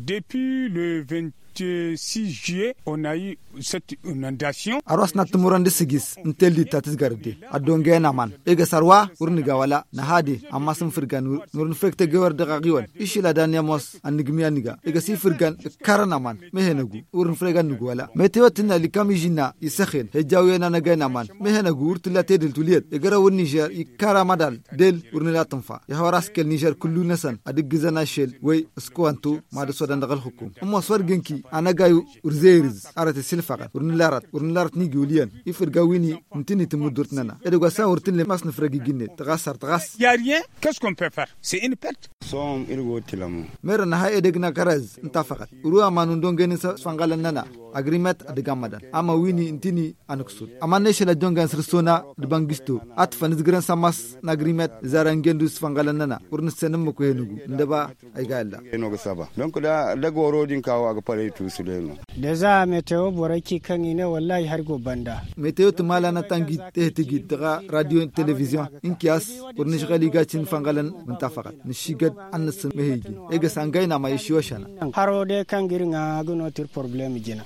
Depuis le 20 26 juillet, on a eu cette inondation. Aros na tumuran de sigis, ntel di tatis garde. Adonge na man. Ega sarwa urni gawala na hadi amma sun firgan nurun fekte gawar da gagiwan. Ishi la dan yamos an nigmi aniga. Ega si firgan karana man. Mehenagu urun fregan nugu wala. Metewa tinna likam ijina isakhin. Hejawiya na naga na man. Mehenagu urtila tedil tuliyat. Egara ur Niger ikara madal del urni la tanfa. Yahawaras kel Niger kullu nasan. Adig gizana shel way skuantu madu sodan dagal hukum. Amma swargenki anagayu urzeiriz arati silfagat urnilarat urnilarat ni gulian ifirga wini ntini timudurtnana edugasa urtinle masna fragigine tgasar tgas yarien qu'est-ce qu'on peut faire c'est une perte som irgo tilamu mera naha edegna karaz ntafagat urua manundongeni sa fangalanana agreement adagamadan ama wini intini ama amaneshela jongan de bangisto at gran samas na agreement zarangendus senem ko henugu ndaba aigalla enoga saba donc da din kawo aga pare tusuleno da za meteo boraki kan ina wallahi har go banda meteo tumala na tangi te daga radio television inkias urnishgali gachin fangalan muntafaqat nishigad annas mehigi ega sangaina mai shiwashana haro de kan giringa guno problem jina